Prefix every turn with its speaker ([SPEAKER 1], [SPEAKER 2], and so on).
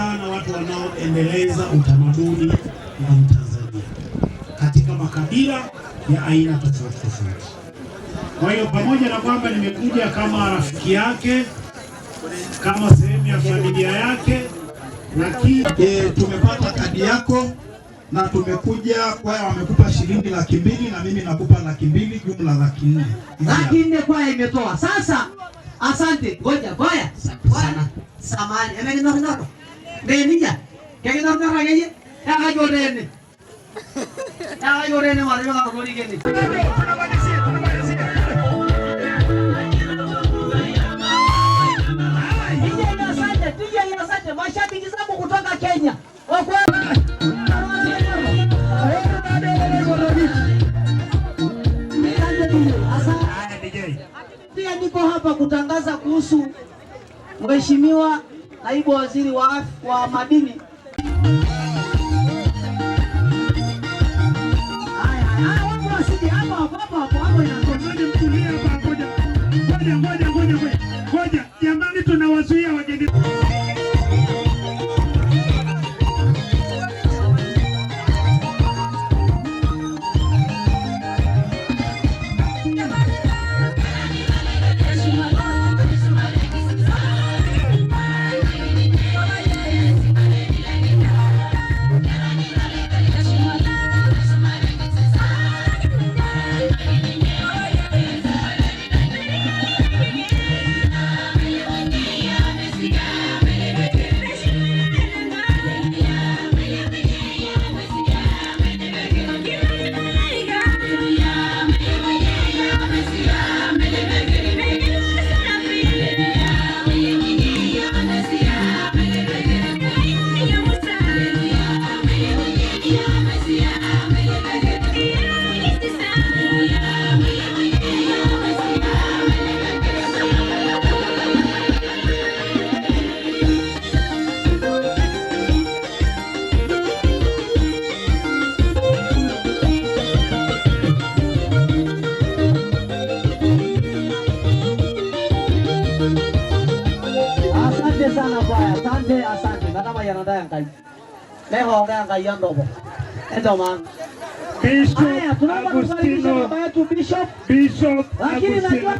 [SPEAKER 1] sana watu wanaoendeleza utamaduni wa Mtanzania katika makabila ya aina tofauti tofauti. Kwa hiyo pamoja na kwamba nimekuja kama rafiki yake, kama sehemu ya familia yake, lakini e, tumepata kadi yako na tumekuja kwaya wamekupa shilingi laki mbili na mimi nakupa laki mbili jumla laki nne.
[SPEAKER 2] Laki nne kwaya imetoa sasa. Asante, ngoja kwaya. Samani dee ninja kekitam tara keye taka jorene taka jorene matipika mashabiki zangu kutoka Kenya pia niko hapa kutangaza kuhusu mheshimiwa naibu waziri wa, wa madini
[SPEAKER 1] Ngoja ngoja ngoja ngoja, jamani, tunawazuia wageni.
[SPEAKER 2] Asante sana kwaya, asante asante. Nataka yanada yangai lehonga yangai yandobo endo man Bishop Agustino Bishop Agustino